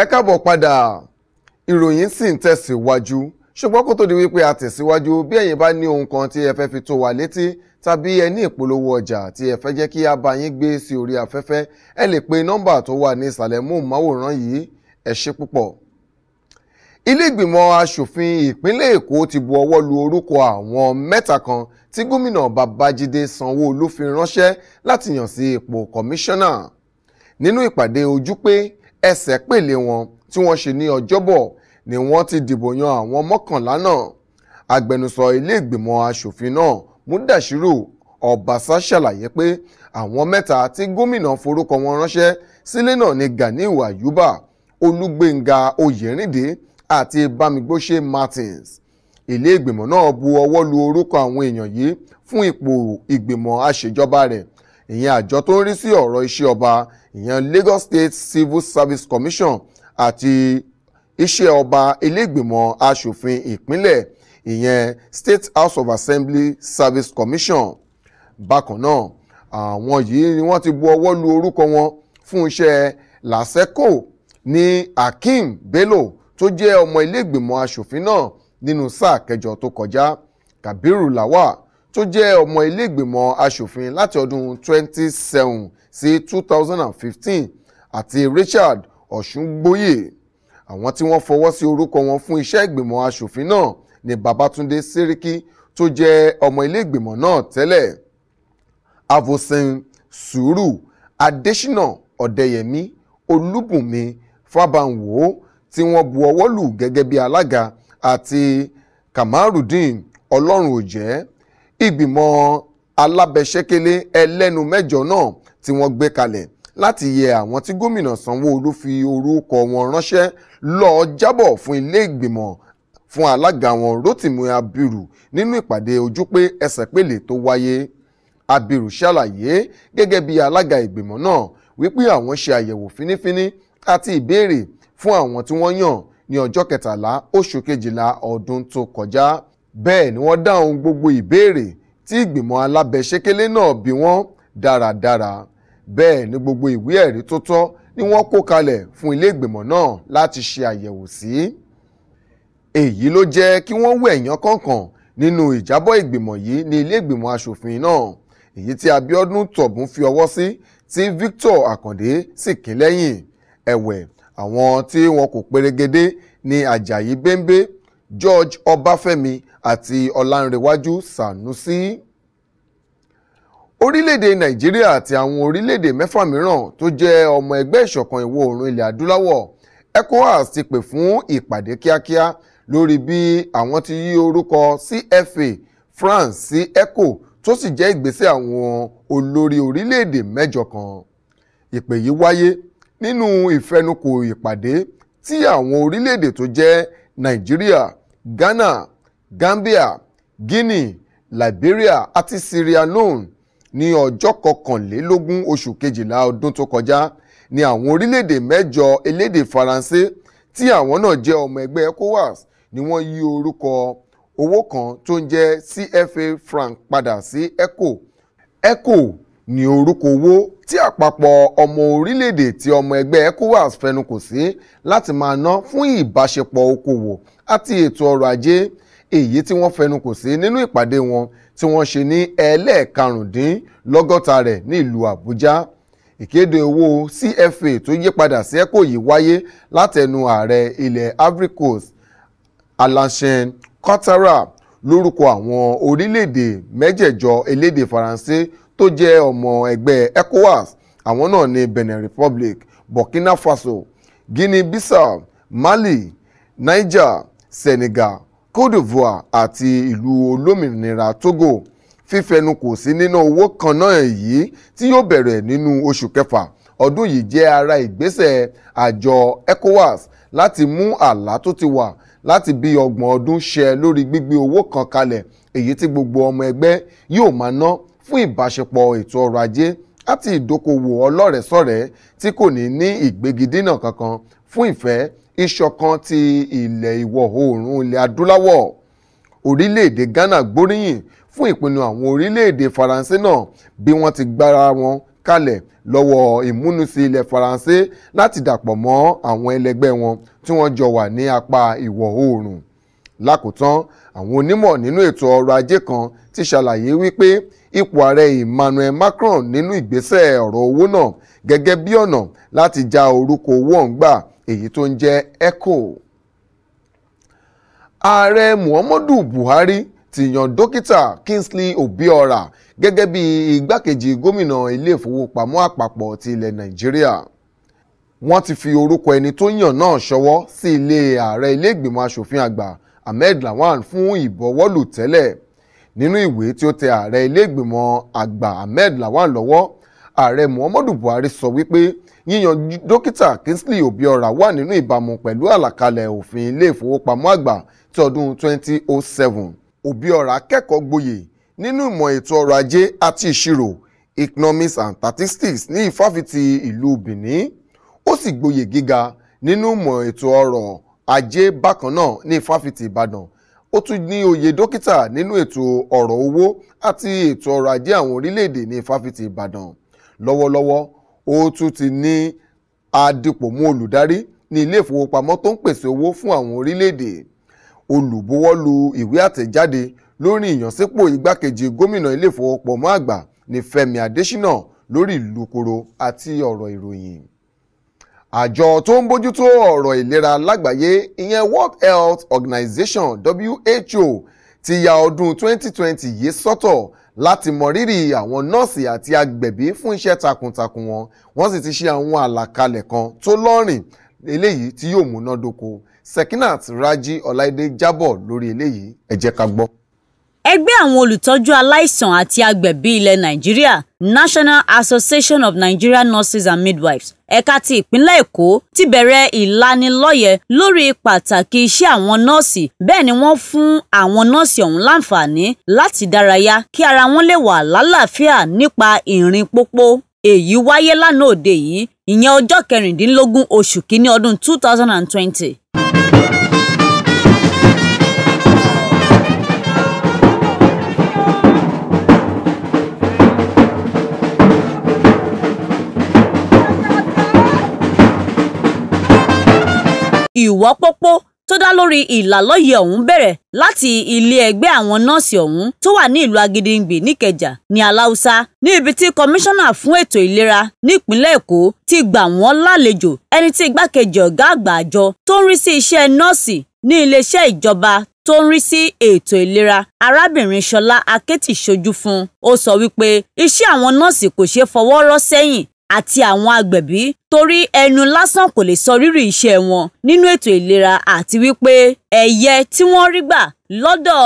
ẹ káàbọ̀ padà ìròyìn sì ń tẹ̀síwájú ṣùgbọ́n kó tó di wípé a tẹ̀síwájú bí ẹ̀yin bá ní ohun kan tí ẹ fẹ́ fi tó wa létí tàbí ẹ ní ìpolówó ọjà tí ẹ fẹ́ jẹ́ kí a bá yín gbé sí orí afẹ́fẹ́ ẹ lè pe nọ́mbà tó wà ní ìsàlẹ̀ móhùnmáwòrán yìí ẹ ṣe púpọ̀. ilé ìgbìmọ̀ asòfin ìpínlẹ̀ èkó ti bu ọwọ́ lu orúkọ àwọn mẹ́ta kan tí gómìnà babájídé sanwó-olú ránṣẹ́ láti yàn sí ipò kọmíṣánná nínú ìpàdé ojú pé ẹsẹ̀ pèlè wọn tí wọ́n ṣe ní ọjọ́bọ̀ ni wọ́n ti dìbò yan àwọn mọ́kànlá náà agbẹnusọ ilé ìgbìmọ̀ asòfin náà Mudashiru Obasa ṣàlàyé pé àwọn mẹ́ta tí gómìnà forúkọ wọn ránṣẹ́ sílé náà ni Ganiu Ayuba Olúgbénga Oyèrìndé àti Bámigbóṣe Martins ilé ìgbìmọ̀ náà bu ọwọ́ lu orúkọ àwọn èèyàn yìí fún ipò ìgbìmọ̀ àṣejọba rẹ̀ ìyẹn àjọ tó ń rí sí ọ̀rọ̀ iṣẹ́ ọba ìyẹn Lagos State Civil Service Commission àti iṣẹ́ ọba ilégbìmọ̀ asòfin ìpínlẹ̀ ìyẹn State House of Assembly Service Commission bákan náà àwọn yìí ni wọ́n ti bu ọwọ́ lu orúkọ wọn fún iṣẹ́ làṣẹ́kò ní Akeem Bello tó jẹ́ ọmọ ilégbìmọ̀ asòfin náà nínú sáà kẹjọ tó kọjá Kabiru Lawal tó jẹ́ ọmọ iléègbìmọ̀ asòfin láti ọdún 2007 sí 2015 àti Richard Ọ̀ṣungbóyè àwọn tí wọ́n fọwọ́ sí orúkọ wọn fún iṣẹ́ ìgbìmọ̀ asòfin náà ni Babatunde Sẹ́ríkì tó jẹ́ ọmọ iléègbìmọ̀ náà tẹ́lẹ̀ Avosin Sùúrù Adésínà Ọ̀dẹ́yẹmí Olúbùnmi Fábánwò tí wọ́n bu ọwọ́ lù gẹ́gẹ́ bí alága àti Kamarudin Ọlọ́runòjẹ́ ìgbìmọ̀ alábẹ̀ṣẹ́kẹ́lé ẹlẹ́nu mẹ́jọ náà tí wọ́n gbé kalẹ̀ láti yẹ àwọn tí gómìnà Sanwó-Olú fi orúkọ wọn ránṣẹ́ lọ jábọ̀ fún ilé ìgbìmọ̀ fún alága wọn Rótìmí Abiru nínú ìpàdé ojúpé ẹsẹ̀ pèlè tó wáyé Abiru ṣàlàyé gẹ́gẹ́ bí alága ìgbìmọ̀ náà wípé àwọn ṣe àyẹ̀wò fínífíní àti ìbéèrè fún àwọn tí wọ́n yàn ní ọjọ́ kẹtàlá oṣù kejìlá ọdún tó kọjá bẹ́ẹ̀ ni wọ́n dáhùn gbogbo ìbéèrè tí ìgbìmọ̀ alábẹ̀ṣekélé náà bí wọ́n dáradára bẹ́ẹ̀ ni gbogbo ìwé ẹ̀rí tó tọ́ ni wọ́n kó kalẹ̀ fún ilé ìgbìmọ̀ náà láti ṣe àyẹ̀wò sí. èyí ló jẹ́ kí wọ́n wẹ̀yán kọ̀ọ̀kan nínú ìjábọ̀ ìgbìmọ̀ yìí ní ilé ìgbìmọ̀ asòfin náà èyí tí Abíọ́dún Tọ̀bún fi ọwọ́ sí tí Victor Àkàndé sì kín lẹ́yìn ẹ̀wẹ̀ àwọn tí wọn kò perégedé ni Àjàyí Bẹ́ńbẹ́ George Ọbáfẹ́mi àti Ọlánrewájú Sànúsí. Orílẹ̀-èdè Nàìjíríà àti àwọn orílẹ̀-èdè mẹ́fà mìíràn tó jẹ́ ọmọ ẹgbẹ́ ìṣọ̀kan ìwọ̀ oòrùn ilẹ̀ adúláwọ̀ ECOWAS ti pè fún ìpàdé kíákíá lórí bí àwọn ti yí orúkọ CFA France sí ECO tó sì jẹ́ ìgbésẹ̀ àwọn olórí orílẹ̀-èdè mẹ́jọ kan. Ìpè yìí wáyé nínú ìfẹnukò ìpàdé tí àwọn orílẹ̀-èdè tó jẹ́ Nàìjíríà Ghana Gambia Guinea Liberia àti Sierra Leone ní ọjọ́ kọkànlélógún oṣù kejìlá ọdún tó kọjá ní àwọn orílẹ̀-èdè mẹ́jọ elédè Faransé tí àwọn náà jẹ́ ọmọ ẹgbẹ́ ECOWAS ni wọ́n yí orúkọ owó kan tó ń jẹ́ CFA franc padà sí echo echo. Ni orúkọ owó tí àpapọ̀ ọmọ orílẹ̀-èdè tí ọmọ ẹgbẹ́ ecowas fẹnukò sí láti máa ná fún ìbáṣepọ̀ okòwò àti ètò ọrọ̀ ajé èyí tí wọ́n fẹnukò sí nínú ìpàdé wọn tí wọ́n ṣe ní ẹlẹ́ẹ̀karùndínlọ́gọ́ta rẹ̀ ní ìlú àbújá ìkéde owó cfa tó yí padà sí eco yìí wáyé látẹnu ààrẹ ilẹ̀ ivory coast alassane ouattara lórúkọ àwọn orílẹ̀-èdè mẹ́jẹ̀jọ elédè faransé tó jẹ́ ọmọ ẹgbẹ́ ECOWAS àwọn náà ní Benin Republic Burkina Faso Guinea Bissau Mali Niger Senegal Cote d'Ivoire àti ìlú olómìnira Togo fífẹnu kò sí nínú owó kan náà yìí tí yóò bẹ̀rẹ̀ nínú oṣù kẹfà ọdún yìí jẹ́ ara ìgbésẹ̀ àjọ ECOWAS láti mú àlá tó ti wà láti bí ọgbọ̀n ọdún ṣẹ lórí gbígbé owó kan kalẹ̀ èyí tí gbogbo ọmọ ẹgbẹ́ yóò máa ná fún ìbáṣepọ̀ ètò ọrọ̀ ajé àti ìdókòwò ọlọ́rẹ̀ẹ́sọ̀rẹ́ tí kò ní ní ìgbégidínà kankan fún ìfẹ́ ìṣọ̀kan ti ilẹ̀ ìwọ̀ oòrùn ilẹ̀ adúláwọ̀ orílẹ̀-èdè Ghana gbóríyìn fún ìpinnu àwọn orílẹ̀-èdè Faransé náà bí wọ́n ti gbára wọn kalẹ̀ lọ́wọ́ ìmúnusí ilẹ̀ Faransé láti dàpọ̀ mọ́ àwọn ẹlẹgbẹ́ wọn tí wọ́n jọ wà ní apá ìwọ̀ oòrùn lákòótán àwọn onímọ̀ nínú ètò ọrọ̀ ajé kan ti ṣàlàyé wípé ipò ààrẹ Emmanuel Macron nínú ìgbésẹ̀ ọ̀rọ̀ owó náà gẹ́gẹ́ bí ọ̀nà láti ja orúkọ owó ọ̀hún gbà èyí tó ń jẹ́ eco. ààrẹ Muhammadu Buhari ti yan dókítà Kingsley Obiora gẹ́gẹ́ bí igbákejì gómìnà ilé ìfowópamọ́ àpapọ̀ ti ilẹ̀ Nàìjíríà wọ́n ti fi orúkọ ẹni tó yàn náà ṣọwọ́ sí ilé ààrẹ ilé ìgbìmọ̀ asòfin àgbà Ahmed Lawan fún ìbọwọ́lù tẹ́lẹ̀ nínú ìwé tí ó tẹ ààrẹ ilé ìgbìmọ̀ àgbà Ahmed Lawan lọ́wọ́ ààrẹ Muhammadu Buhari sọ wípé yíyan dókítà Kingsley Obiora wà nínú ìbámu pẹ̀lú àlàkalẹ̀ òfin ilé ìfowópamọ́ àgbà ti ọdún 2007 Obiora kẹ́kọ̀ọ́ gboyè nínú ìmọ̀ ètò ọrọ̀ ajé àti ìṣirò economics and statistics ní ìfáfitì ìlú Benin ó sì gboyè gíga nínú ìmọ̀ ètò ọrọ̀ ajé bákan náà ní ìfáfitì Ìbàdàn ó tún ní oyè dókítà nínú ètò ọ̀rọ̀ owó àti ètò ọrọ̀ ajé àwọn orílẹ̀-èdè ní fáfitì ìbàdàn lọ́wọ́lọ́wọ́ ó tún ti ní adìpọ̀mú olùdarí ní ilé ìfowópamọ́ tó ń pèsè owó fún àwọn orílẹ̀-èdè olùbuwọ́lu ìwé àtẹ̀jáde lórí ìyànsípò igbákejì gómìnà ilé ìfowópamọ́ àgbà ní fẹ́mi adésínà lórí ìlúkoro àti ọ̀rọ̀ ìròyìn àjọ tó ń bójútó ọ̀rọ̀ ìlera lágbàáyé ìyẹn World Health Organization WHO ti ya ọdún 2020 yìí sọ́tọ̀ láti mọrírì àwọn nọ́ọ̀sì àti agbẹ̀bí fún iṣẹ́ takuntakun wọn wọ́n sì ti ṣe àwọn àlàkalẹ̀ kan tó lọ́rìn eléyìí tí yóò múná dóko Sekinat Raji Ọláìdé jábọ̀ lórí eléyìí ẹ ká gbọ́. Ẹgbẹ́ àwọn olùtọ́jú aláìsàn àti agbẹ̀bí ilẹ̀ Nàìjíríà National Association of Nigerian Nurses and Midwives ẹ̀ka ti ìpínlẹ̀ Èkó ti bẹ̀rẹ̀ ìlanilọ́yẹ̀ lórí pàtàkì iṣẹ́ àwọn nọ́ọ̀sì bẹ́ẹ̀ ni wọ́n fún àwọn nọ́ọ̀sì ọ̀hún láǹfààní láti dárayá kí ara wọn lè wà lálàáfíà nípa ìrìn pópó èyí wáyé lánàá òde yìí ìyẹn ọjọ́ kẹrìndínlógún oṣù kínní ọdún 2020 ìwọ́pópó tó dá lórí ìlàlọ́yẹ̀ ọ̀hún bẹ̀rẹ̀ láti ilé ẹgbẹ́ àwọn nọ́ọ̀sì ọ̀hún tó wà ní ìlú Agídíngbì níkẹjà ní Aláùsá ní ibi tí kọmíṣánná fún ètò ìlera nípínlẹ̀ Èkó ti gbà wọ́n lálejò ẹni tí igbákejì ọ̀gá àgbà àjọ tó ń rí sí iṣẹ́ nọ́ọ̀sì ní iléeṣẹ́ ìjọba tó ń rí sí ètò ìlera arábìnrin Ṣọlá Akétì ṣojú fún ó sọ wípé iṣẹ́ àwọn nọ́ọ̀sì kò ṣeé fọwọ́ rọ́ sẹ́yìn àti àwọn agbẹ̀bí torí ẹnu lásán kò lè sọ rírì iṣẹ́ wọn nínú ètò ìlera àti wípé ẹ̀yẹ tí wọ́n rí gbà lọ́dọ̀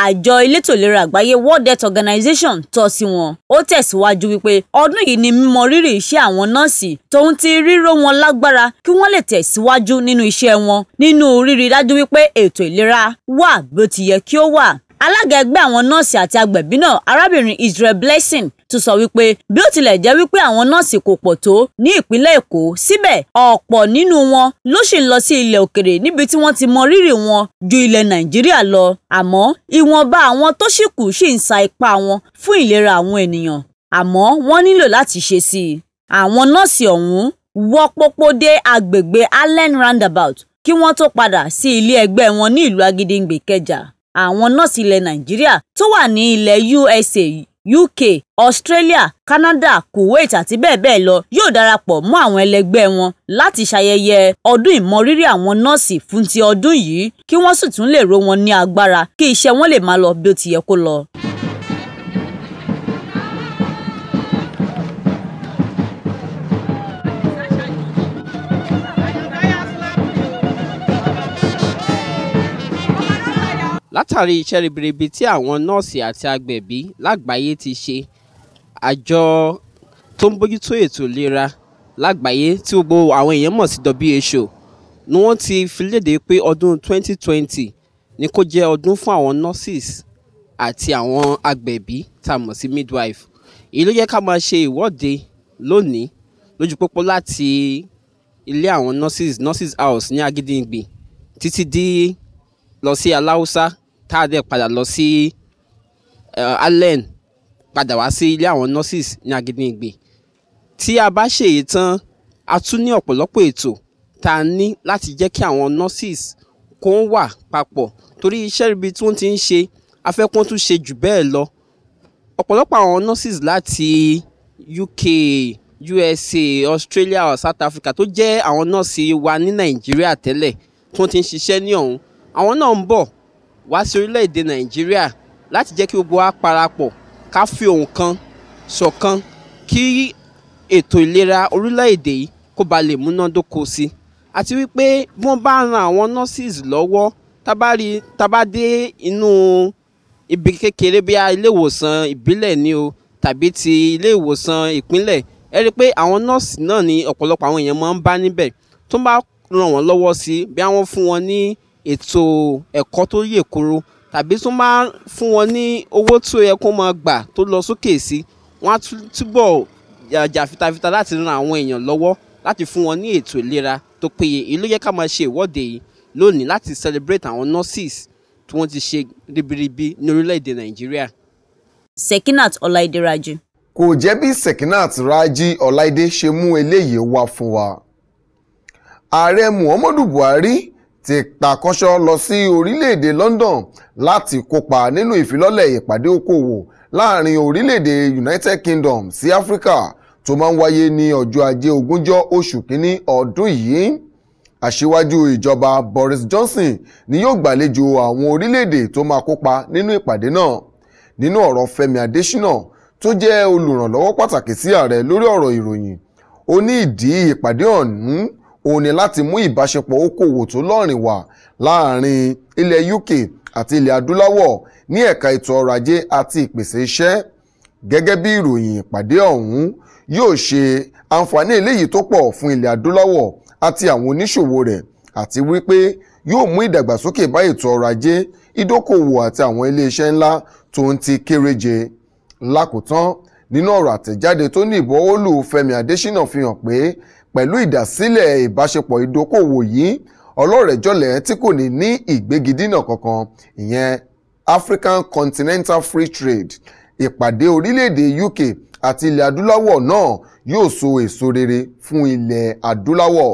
àjọ elétò ìlera àgbáyé World Health Organization tọ́ sí wọn. ó tẹ̀síwájú wípé ọdún yìí ni mímọ rírì iṣẹ́ àwọn nọ́ọ̀sì tóun ti ríró wọn lágbára kí wọ́n lè tẹ̀síwájú nínú iṣẹ́ wọn nínú rírí dájú wípé ètò ìlera wà bó ti yẹ kí ó wà. alága ẹgbẹ́ àwọn nọ́ọ̀sì àti agbẹ̀bí náà arábìnrin Israel Blessing tún sọ wípé bí ó tilẹ̀ jẹ́ wípé àwọn nọ́ọ̀sì kò pọ̀ tó ní ìpínlẹ̀ Èkó síbẹ̀ ọ̀pọ̀ nínú wọn ló sì ń lọ sí ilẹ̀ òkèrè níbi tí wọ́n ti mọ rírì wọn ju ilẹ̀ Nàìjíríà lọ àmọ́ ìwọ̀nba àwọn tó sì kù sì ń sa ipá wọn fún ìlera àwọn ènìyàn àmọ́ wọ́n nílò láti ṣe sí i àwọn nọ́ọ̀sì ọ̀hún wọ́ pópó dé agbègbè Allen roundabout kí wọ́n tó padà sí ilé ẹgbẹ́ wọn ní ìlú Agídíngbé Ìkẹjà àwọn nọ́ọ̀sì ilẹ̀ Nàìjíríà tó wà ní ilẹ̀ USA UK Australia Canada Kuwait àti bẹ́ẹ̀ bẹ́ẹ̀ lọ yóò darapọ̀ mọ́ àwọn ẹlẹgbẹ́ wọn láti ṣayẹyẹ ọdún ìmọrírì àwọn nọ́ọ̀sì fún ti ọdún yìí kí wọ́n sì tún lè ro wọn ní agbára kí iṣẹ́ wọn lè máa lọ bí ó ti yẹ kó lọ. látàrí iṣẹ́ ribiribi tí àwọn nọ́ọ̀sì àti agbẹ̀bí lágbàáyé ti ṣe àjọ tó ń bójútó ètò ìlera lágbàáyé tí gbogbo àwọn èèyàn mọ̀ sí WHO ni wọ́n ti fi léde pé ọdún 2020 ni kó jẹ́ ọdún fún àwọn nurses àti àwọn agbẹ̀bí tá a mọ̀ sí midwife èyí ló yẹ ká máa ṣe ìwọ́de lónìí lójú pópó láti ilé àwọn nurses nurses house ní Agídíngbì títí dé lọ sí Aláùsá tá a dẹ̀ padà lọ sí eh, Allen padà wá sí ilé àwọn nurses ní Agídíngbé tí a bá ṣe èyí tán a tún ní ọ̀pọ̀lọpọ̀ ètò tá a ní láti jẹ́ kí àwọn nurses kó wà papọ̀ torí iṣẹ́ ibi tí wọ́n ti ń ṣe afẹ́kún tún ṣe jù bẹ́ẹ̀ lọ ọ̀pọ̀lọpọ̀ àwọn nurses láti UK USA Australia or South Africa tó jẹ́ àwọn nọ́ọ̀sì wa ní Nàìjíríà tẹ́lẹ̀ tí wọ́n ti ń ṣiṣẹ́ ní ọ̀hún àwọn náà ń bọ̀ wá sí orílẹ̀-èdè nàìjíríà láti jẹ́ kí gbogbo wa parapọ̀ ká fi ohùn kan ṣọ̀kan kí ètò ìlera orílẹ̀-èdè yìí kó ba lè múnádóko sí àti wípé bí wọ́n bá ran àwọn nurses lọ́wọ́ tábàrí tábà inú ibi kékeré bí ilé ìbílẹ̀ ni o tàbí ti ilé ìwòsàn ìpínlẹ̀ ẹ rí i pé àwọn nọ́ọ̀sì náà ni ọ̀pọ̀lọpọ̀ àwọn èèyàn máa ń bá níbẹ̀ tó bá ràn wọ́n lọ́wọ́ sí bí wọ́n fún wọn ní ètò ẹ̀kọ́ tó yè kooro tàbí tó máa fún wọn ní owó tó yẹ kó máa gbà tó lọ sókè sí wọ́n á túbọ̀ jà fitafita láti ran àwọn èèyàn lọ́wọ́ láti fún wọn ní ètò ìlera tó péye èyí ló yẹ ká máa ṣe ìwọ́de yìí lónìí láti celebrate àwọn nurses tí wọ́n ti ṣe ribiribi ní orílẹ̀-èdè nàìjíríà. Sekinat Ọláìdé Rájí. kò jẹ́ bí Sekinat Rájí Ọláìdé ṣe mú eléyìí wá fún wa. ààrẹ Muhammadu Buhari ti takọ́ṣọ́ lọ sí orílẹ̀-èdè London láti kópa nínú ìfilọ́lẹ̀ ìpàdé okòwò láàrin orílẹ̀-èdè United Kingdom sí Africa tó máa ń wáyé ní ọjọ́ ajé ogúnjọ́ oṣù kínní ọdún yìí aṣíwájú ìjọba Boris Johnson ni yóò gbàlejò àwọn orílẹ̀-èdè tó máa kópa nínú ìpàdé náà nínú ọ̀rọ̀ Fẹ́mi Adésínà tó jẹ́ olùrànlọ́wọ́ pàtàkì sí ààrẹ lórí ọ̀rọ̀ ìròyìn ó ní ìdí ìpàdé ọ̀hún òun ni láti mú ìbáṣepọ̀ okòwò tó lọ́rìn wá láàrin ilẹ̀ UK àti ilẹ̀ adúláwọ̀ ní ẹ̀ka ètò ọrọ̀ ajé àti ìpèsè iṣẹ́ gẹ́gẹ́ bí ìròyìn ìpàdé ọ̀hún yóò ṣe àǹfààní eléyìí tó pọ̀ fún ilẹ̀ adúláwọ̀ àti àwọn oníṣòwò rẹ̀ àti wípé yóò mú ìdàgbàsókè bá ètò ọrọ̀ ajé ìdókòwò àti àwọn iléeṣẹ́ ńlá tó ń ti kéréje lákòótán nínú ọ̀rọ̀ àtẹ̀jáde tó ní ìbọ̀wọ́lù Fẹ́mi Adésínà fi pé pẹ̀lú ìdásílẹ̀ ìbáṣepọ̀ ìdókòwò yìí ọlọ́rẹ̀jọ̀lẹ̀ tí kò ní ní ìgbégidínà kankan ìyẹn African Continental Free Trade ìpàdé orílẹ̀-èdè UK àti ilẹ̀ adúláwọ̀ náà yóò so èso rere fún ilẹ̀ adúláwọ̀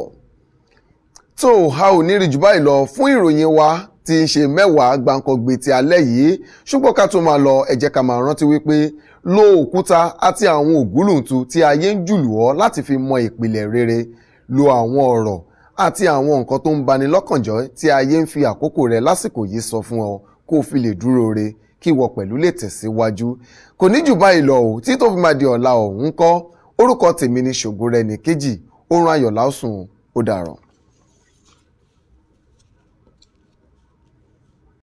tó a ò ní rí jù báyìí lọ fún ìròyìn wa tí ń ṣe mẹ́wàá gbàǹkangbè ti alẹ́ yìí ṣùgbọ́n ká tó máa lọ ẹ ká máa rántí wípé lo òkúta àti àwọn ògúlùntu tí ayé ń jùlù ọ́ láti fi mọ ìpìlẹ̀ rere lo àwọn ọ̀rọ̀ àti àwọn nǹkan tó ń bani lọ́kànjọ́ tí ayé ń fi àkókò rẹ lásìkò yìí sọ fún ọ kó o fi lè dúró re kí ìwọ pẹ̀lú lè tẹ̀síwájú kò ní jù báyìí lọ o tí tó fi máa di ọ̀la ọ̀hún kọ́ orúkọ tèmi ni ṣògo rẹ ní kejì oorun ayọ̀ lásùn ó dàrọ̀.